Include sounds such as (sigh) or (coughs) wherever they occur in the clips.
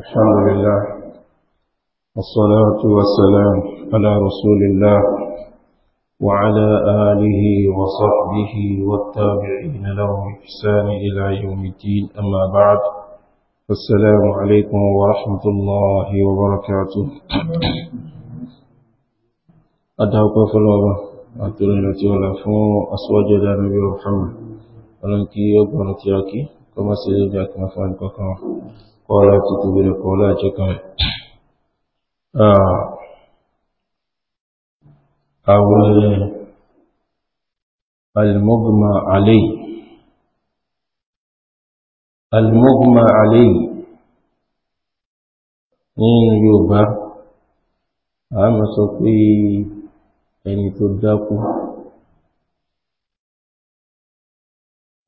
الحمد لله والصلاة والسلام على رسول الله وعلى آله وصحبه والتابعين لهم بإحسان إلى يوم الدين أما بعد السلام عليكم ورحمة الله وبركاته أدعوك فلوبة أتولي نتيولا فو أسواج النبي محمد ولنكي يقبل تياكي كما سيدي مفعل كوكما kọ́lá títí bèèrè kọ́lá jẹ́kàrẹ̀ àwọn ah. alìmọ́gbùmá àlèyí alìmọ́gbùmá àlèyí ní Yorùbá a mọ̀ sọ pé ẹni tó dákú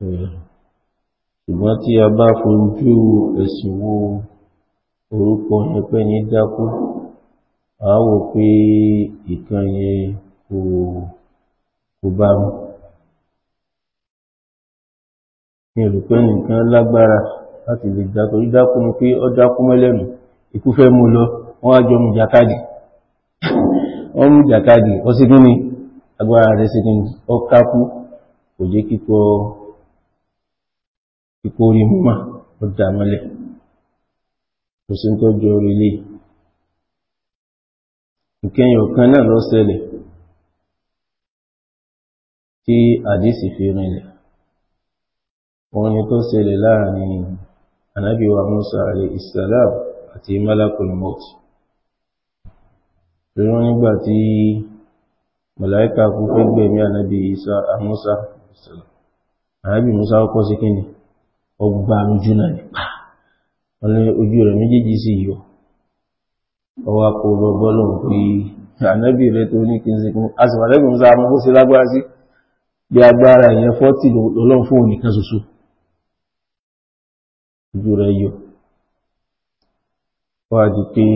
Yeah ṣùgbọ́n tí a bá fojú ẹ̀sìn wo orúkọ yẹn pẹ́ni dákú a wò pé ìkan yẹn kò bá mu mi ò rò pé nìkan lágbára láti lè dá torí dákú ni pé ọ dákú mẹ́lẹ́nu ikú fẹ́ mú lọ wọ́n á jọ mú jàkadì wọ́n mú jàkadì ọ sí kí ni agbára rẹ̀ sí kí ni ọ kákú kò jẹ́ kíkọ́ ipò orí mímọ̀ ó dá mọ́lẹ̀ kò sí tó jọ orí ilé ìkẹyìn ọ̀kan náà ló ṣẹlẹ̀ tí àdísì fi rinlẹ̀ òun ni tó ṣẹlẹ̀ láàrin ànábì wa Musa alayhi salam àti malakul maut ìrún nígbà tí màláíkà kú fẹ́ gbẹ̀mí ànábì Isa Musa ànábì Musa kọ́kọ́ sí kíni ọgbà lójú náà nípa ah! wọn ní ojú méjèèjì sì yọ ọwọ́ kò lọ bọ́lọ̀ pé ànábì rẹ̀ tó ní kí n ṣe kí a agbara lágbára sí bí yọ wọ́n á di pé ní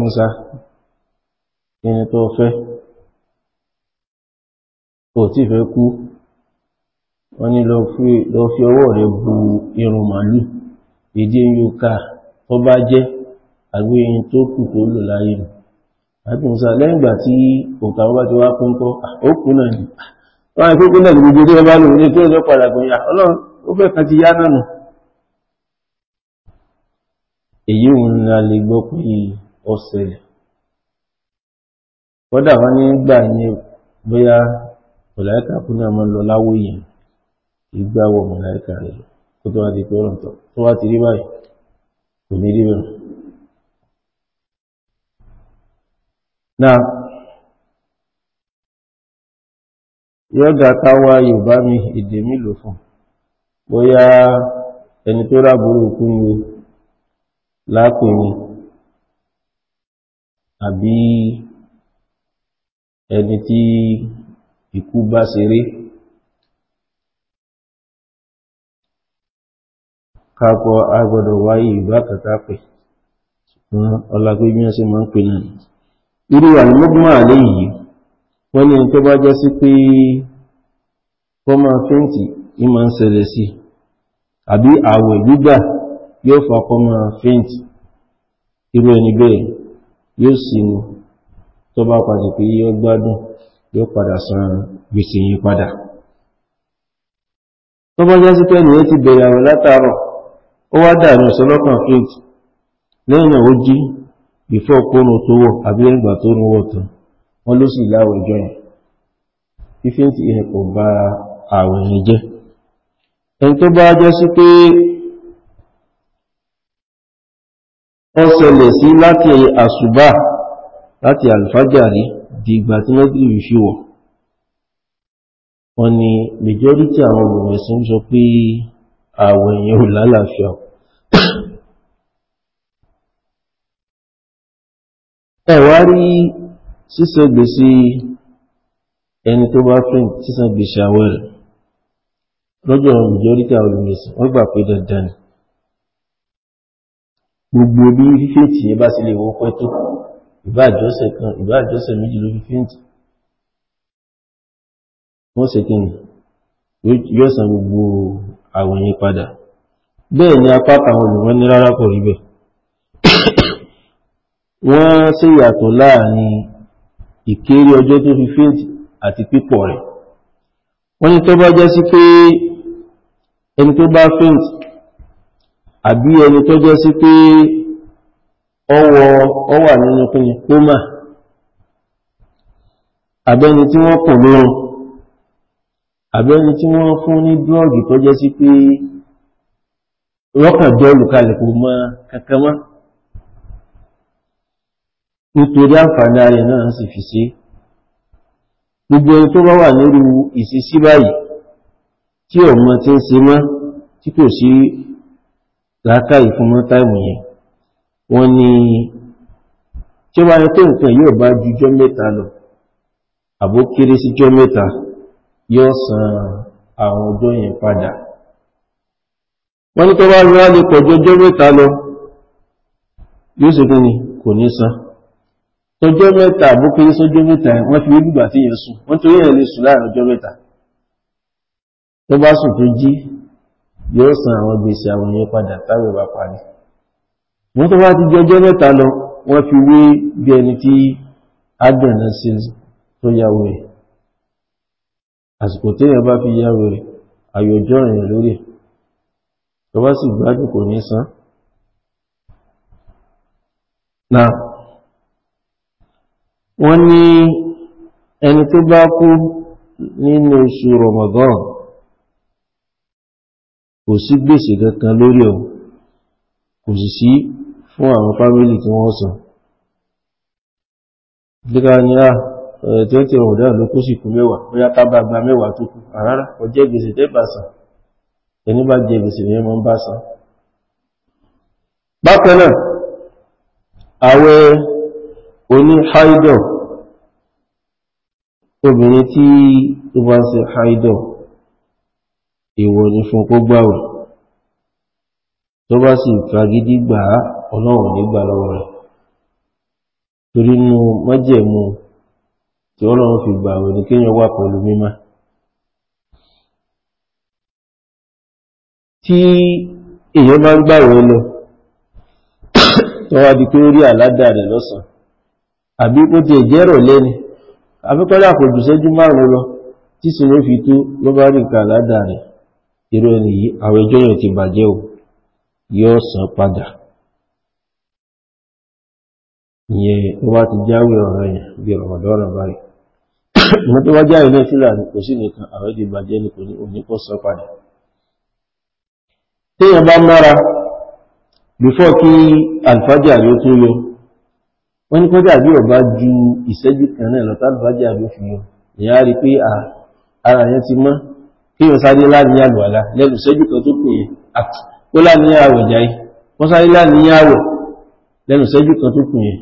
Musa ẹni tó wọ́n ní lọ fi ọwọ́ rẹ̀ bu irun màálù èdè yóká tó bá jẹ́ àgbéyìn tó kù tó lò láyé nù àgbẹ̀nsà lẹ́yìn ìgbà tí òkà wọ́n bá ti wá pín kọ́ òkú náà ni wọ́n àti pínpín náà gbogbo tí wọ́n bá ó fẹ́ náà ní ìgbàwọ̀ mọ̀láìkà rẹ̀ kó tó wá di pé ọ̀rọ̀ tọ̀ tó wá ti rí báyìí kò ní rí bẹ̀rù. náà yọ́gà káwá yorùbá mi èdè mi lò fún bóyá ẹni tó ráburú kú ni lápè ni àbí ẹni tí ikú bá ṣeré. kákọ agbọ́dọ̀ wáyé ìgbà kàkà pè fún ọlágbégbé ẹsẹ̀ máa ń pè náà irú àlùmọ́gbọ́n àlẹ́ yìí wọ́n ní tó bá jẹ́ sí pé fọ́mà fẹ́ǹtì ní máa ń ṣẹlẹ̀ sí àbí àwẹ̀ gbígbà yóò fa fọ́mà fẹ́ǹtì irú ẹni bẹ́ẹ̀ yóò sì mú tó bá padà pé yóò gbádùn yóò padà san gbèsè yìí padà tó sí pé ẹnìyẹn ti bẹ̀rẹ̀ àwẹ̀ látàárọ̀ ó wá dàrú ìsọlọ́kàn faith lẹ́yìn náà ó jí before kóòrò tó wọ̀ àbí lẹ́yìn ìgbà tó rúwọ̀ tán wọ́n ló sì láwọ̀ ẹjọ́ yẹn fífíntì yẹn kò bá àwẹ̀ yẹn jẹ́ ẹni tó bá jẹ́ sí pé wọ́n ṣẹlẹ̀ sí láti àṣùbà láti àlùfájàrí di ìgbà tí mẹ́gbìrì fi wọ̀ wọ́n ni majority àwọn olùmẹ̀sìn sọ pé àwẹ̀ yẹn ò lálàáfíà ẹ̀wá rí síse gbèsè ẹni tó bá fẹ́ sísan gbèsè àwẹ̀ rẹ̀ lọ́jọ́ majority olùmẹ̀sìn wọ́n gbà pé dandan ni gbogbo bí fífẹ́ǹtì yẹn bá sì lè wọ́ pẹ́ tó ìbá àjọsẹ̀ kan ìbá àjọsẹ̀ méjì ló fífẹ́ǹtì wọ́n ṣe kíni yóò san gbogbo àwọn yẹn padà bẹ́ẹ̀ ni apá àwọn olùwọ́n ní rárá kò rí bẹ́ẹ̀ (coughs) wọ́n ṣèyàtọ̀ láàrin ìkéré ọjọ́ tó fi faint àti pípọ̀ rẹ̀ wọ́n ní tó bá jẹ́ sí pé ẹni tó bá faint àbí ẹni tó jẹ́ sí pé ọwọ́ ọwà nínú kíni kómà àbẹ́ni tí wọ́n pọ̀ lóòrùn àbẹ́ni tí wọ́n fún ní drọ́ọ̀gì tó jẹ́ sí pé rọ́kàn jẹ́ olùkalẹ̀kùn mọ́ nítorí àǹfààní ayẹ náà sì fi sí gbogbo ẹni tó bá wà nírú ìṣesí báyìí tí ọmọ tí ń ṣe mọ́ tí kò sí làákàyè fún mọ́ táìmù yẹn wọ́n ní tí ó bá yẹ tó nǹkan yóò bá ju jọ́ mẹ́ta lọ àbó kéré sí jọ́ mẹ́ta yóò san àwọn ọjọ́ yẹn padà wọ́n ní tó bá rí lè pọ̀jọ́ jọ́ mẹ́ta lọ yóò sì kí ni kò ní san tọjọ́ mẹ́ta bó kéré sọ́jọ́ mẹ́ta wọ́n fi gbígbà tí yẹn sùn wọ́n torí ẹ̀ lè sùn láàrin ọjọ́ mẹ́ta tó bá sùn tó jí yóò san àwọn gbèsè àwọn yẹn padà táwọn bá parí wọ́n tó bá ti jẹ́ ọjọ́ mẹ́ta lọ wọ́n fi wé bí ẹni tí agbẹ̀nà sí tó yàwó rẹ̀ àsìkò téèyàn bá fi yàwó rẹ̀ àyòjọ́ rẹ̀ lórí ẹ̀ tó bá sì gbádùn kò ní san Now wọ́n ní ẹni tó bá kú nínú oṣù Ramadan kò sí gbèsè kankan lórí ọ̀ kò sì sí fún àwọn fámílì tí wọ́n sọ díka ní à ẹ̀tẹ́ tí Ramadan ló kú sí kú mẹ́wàá bóyá tábà gba mẹ́wàá tó kú àrárá ah, ọjẹ́ gbèsè tẹ́bà sàn ẹni bá jẹ gbèsè ní ẹmọ ń bá sàn bákan náà àwẹ̀ oní haidọ̀ obìnrin tí ó bá ṣe haidọ̀ èwọ̀ ni fún kó gbàwẹ̀ tó bá sì fagídí gbà á ọlọ́run nígbà lọ́wọ́ rẹ̀ torí nínú májẹ̀mú tí ọlọ́run fi gbàwẹ̀ ní kéèyàn wà pẹ̀lú mímá tí èèyàn bá ń gbàwẹ̀ lọ (coughs) tó wá di pé ó rí àládà rẹ̀ lọ́sàn-án àbí kó ti ẹ̀jẹ́rọ̀ lẹ́ni afẹ́kọ́lá kò márùn-ún lọ tí sì ló fi tó ló bá rí nǹkan aládàá rẹ̀ irú ẹni ti bàjẹ́ o yóò san padà ìyẹn tó ti jáwé ọ̀rọ̀ yẹn bí ọ̀rọ̀mọ̀dọ́rọ̀ báyìí mo (coughs) tó wá jáwé náà sílà ní kò sí nìkan àwọn ti bàjẹ́ ní kò ní òní padà téèyàn bá kí rí wọ́n ní kọjá bí ọba ju ìṣẹ́jú kan náà lọ́tà lọ́bájá ló fi yọ ìyá rí pé ara yẹn ti mọ́ kí wọ́n sáré láàrin àlùwàlá lẹ́nu ìṣẹ́jú kan tó kù yẹn ó láàrin àwẹ̀ jáì wọ́n sáré láàrin àwẹ̀ lẹ́nu ìṣẹ́jú kan tó kù yẹn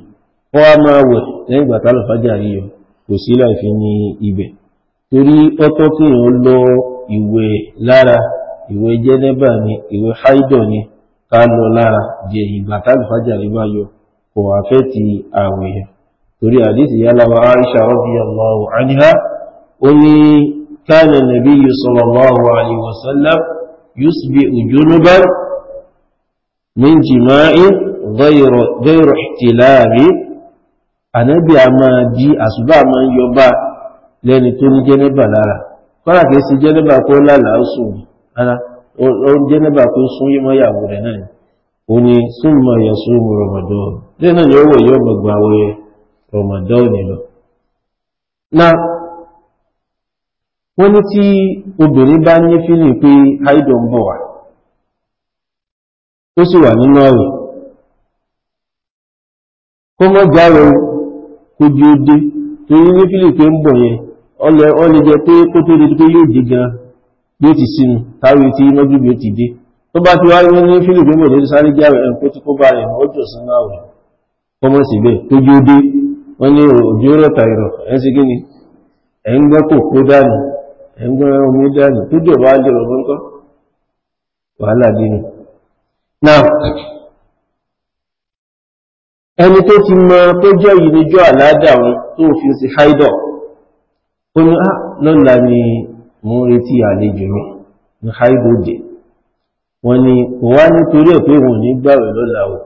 wọ́n á máa wẹ̀ lẹ́yìn ìgbà tálọ̀ fájà yíyọ kò sí láìfi ní ibẹ̀ torí ọtọ́ kí èèyàn lọ ìwẹ̀ lára ìwẹ̀ jẹ́nẹ́bà ni ìwẹ̀ háídọ̀ ni ká lọ lára jẹ ìgbà tálọ̀ fájà rí kò àfẹ́ ti àwẹ̀ torí àdísì yálàwà Aisha radiyallahu anha ó ní kana nabiyyu sallallahu alaihi wasallam yusbi'u junuban min jima'i ghayru ihtilami ànábì a máa di àsùbá máa ń yọba lẹ́ni tó ní jẹ́nẹ́bà lára kọ́lá kìí sí jẹ́nẹ́bà kó lálàá sùn ara ó jẹ́nẹ́bà tó sún rẹ̀ náà ó ní súnmọ̀ yẹ̀ sún na náà ni ó wò yóò gbogbo àwọn rọmọdọ́ọ̀nì lọ na wọ́n tii obìnrin bá ní fílì pé haidọ̀ ń wa ó sì wà nínú ọ̀rọ̀ kó mọ́ jáwé kó di ní fílì pé ń yẹn ọ jẹ pé kó tó di pé yóò gan ti táwọn bí ó ti dé tó bá ti ní fílì pé kọmọ sí bẹ́ẹ̀ tó jí ó dé wọ́n ní òjò rọ̀ta ìrọ̀ ẹ̀ sí gíní ẹ̀ ń gbọ́ kò kó dànù ẹ̀ ń gbọ́ omi dànù tó jọ bá jọ rọ̀ fọ́nkọ́ wàhálà dínú náà ẹni tó ti mọ tó jọ yìí níjọ́ àládà wọn tó fi sí haidọ̀ ó ní á ah, lọ́la ni mo ń retí àlejò mi ní haidọ̀ dé wọ́n ní kò wá nítorí ẹ̀ pé wọn ní gbàwẹ̀ lọ́la o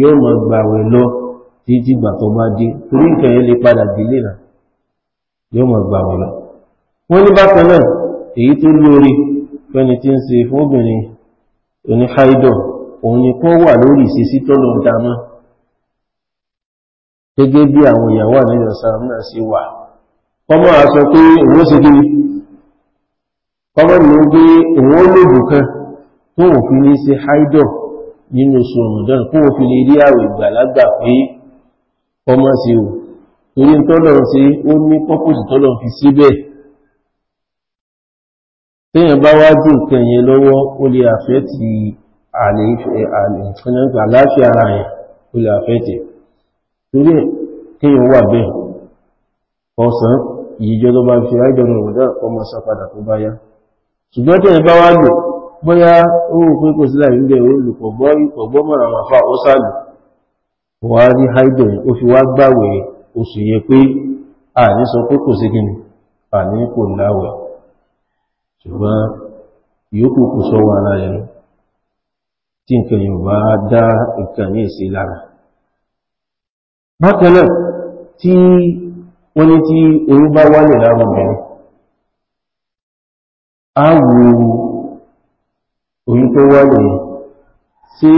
yóò mọ̀ gbàwẹ̀ lọ́la títí gbà tó bá dé torí nǹkan yẹn lè padà délé náà yóò mọ̀ gbà wọ́n lọ. wọ́n ní bákan náà èyí tó lóore fẹ́ni tí ń ṣe fún obìnrin oní haidọ̀ òun ni kó wà lórí ìṣesí tó lọ dáná gẹ́gẹ́ bí àwọn ìyàwó àníyàn sáà náà ṣe wà kọ́mọ́ a pé òun ṣe kí kọ́mọ́ ni ó gbé òun lòdù kan tó òfin ní ṣe haidọ̀ nínú oṣù ọ̀mọ̀dán kó òfin lè rí àwẹ̀ ìgbàlagbà pé ọmọ sí o torí tọ́lọ̀ sí ó ní pọ́pùsì tọ́lọ̀ fi síbẹ̀ tíyàn bá wá jù nǹkan yẹn lọ́wọ́ ó lè àfẹ́ ti àlàáfíà ara yẹn ó lè àfẹ́ ti torí kíyàn wà bẹ́ẹ̀ ọ̀sán ìjọ tó bá fi àìjọ̀nà ọ̀dá ọmọ sápadà tó bá wà rí haidẹ̀ ó fi wá gbàwẹ̀ oṣù yẹ pé a ní sọ pé kò sí gini a ní kò láwẹ̀ ṣùgbọ́n ìyókù kò sọ wà láyẹ̀ tí nǹkan yóò bá dá nǹkan ní ìsí lára bákan náà tí wọ́n ní tí oyún bá wálẹ̀ lára obìnrin á wo oyún tó wálẹ̀ sí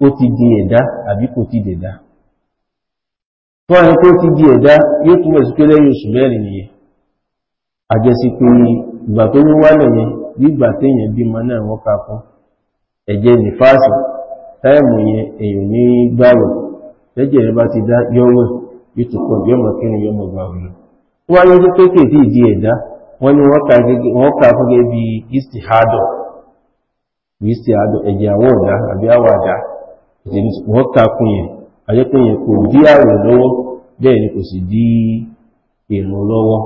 ó ti di ẹ̀dá àbí kò ti dẹ̀dá wọ́n ẹni tó ti di ẹ̀dá yóò túnbọ̀ sí pé lẹ́yìn oṣù mẹ́rin nìyẹn àjẹsí pé ìgbà tó wó wálẹ̀ yẹn nígbà téèyàn bímọ náà wọ́n ka fún ẹ̀jẹ̀ nífàásì táìmù yẹn èèyàn ní gbàrọ̀ lẹ́jẹ̀ rẹ bá ti dá yọ́wọ́ yọmọ lọ tó wáyé tó wọ́n takun yẹn ajẹ́pẹ́ yẹn kò dí ààrẹ lọ́wọ́ bẹ́ẹ̀ ni kò sì dí ìrùn lọ́wọ́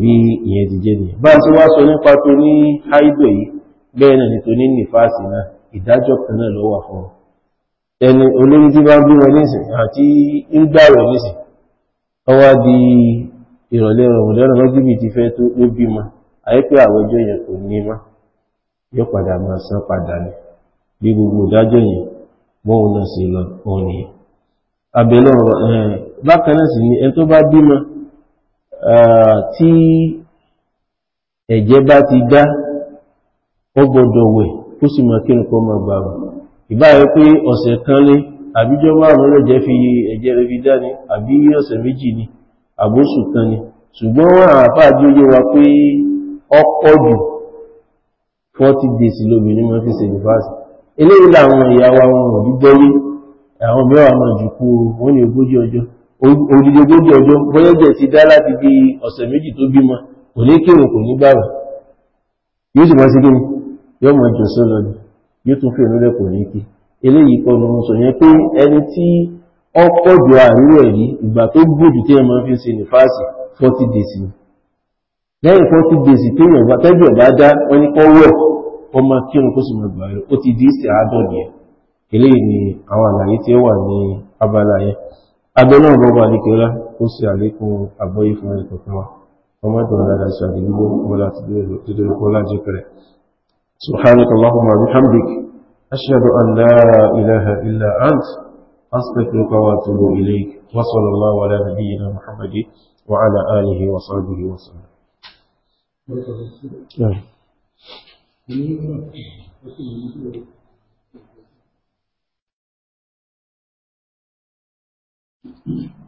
bí ìyẹn ti jẹ́ nìyẹn bá ti wá sọ nípa tó ní háìdọ̀ yìí bẹ́ẹ̀ náà ni tó ní nífàásì náà ìdájọ́ kan náà lọ́wọ́ fún ẹni olórí tí bá bí wọn nísìn àti ń gbàrọ̀ nísìn di ìrọ̀lẹ́ ti fẹ́ tó ló bímọ yẹn kò ní mọ́ yóò padà máa san padà ní bóun náà sì lọ òun nìyẹn àbẹ̀lẹ̀ ọ̀rọ̀ bákan náà sì ni ẹni tó bá bímọ tí ẹ̀jẹ̀ bá ti dá ó gbọdọ̀ wẹ̀ ó sì mọ̀ kí nǹkan máa gbà wọ̀ ìbáyé pé ọ̀sẹ̀ kan lé àbíjọ́ márùn-ún lẹ́jẹ̀ fi ẹ̀jẹ̀ rẹ̀ fi dá ni àbí ọ̀sẹ̀ méjì ni àbóṣù kan ni ṣùgbọ́n àáfàá bí ó yé wa pé ọ̀pọ̀ jù 40 days lóbìnrin máa fi ṣe eléyìí làwọn ìyàwó àwọn òdíjọ́ rí àwọn mẹ́wàá máa jùkú wọ́n ní ogójì ọjọ́ odidi ogójì ọjọ́ bọ́yẹ́jẹ̀ ti dá láti bí ọ̀sẹ̀ méjì tó bímọ kò ní kírun kò ní gbààwẹ̀ yóò sì máa sí kíni yóò máa jọ sọ lọ́dún yóò tún fèrè lẹ́ kò ní kí eléyìí kọ́ ló ń sọ yẹn pé ẹni tí ọ̀pọ̀ jù àríwọ̀ ẹ̀rí ìgbà tó gbòdù tí ẹ máa fi ṣe ní fáàsì forty days ni lẹ́yìn forty days téèyàn bá tẹ́jú ọ̀bá dá wọn ní kọ́ wọ̀ ó máa kírun kó sì máa gbà ó ti di ìsẹ̀ àádọ́dì ẹ̀ eléyìí ni àwọn àlàyé tí ó wà ní abala yẹn abẹ náà bọ́ bá nìkẹ́lá ó sì àlékún àgbọ́yé fún ẹnì kọ̀ọ̀kan wa ọmọdé wọn dáadáa sọ àdìgbò wọn láti dúró kó láti pẹ̀rẹ̀ سبحانك أشهد أن لا إله إلا أنت أستغفرك وأتوب إليك وصلى الله على محمد وعلى آله وصحبه وسلم. Thank you.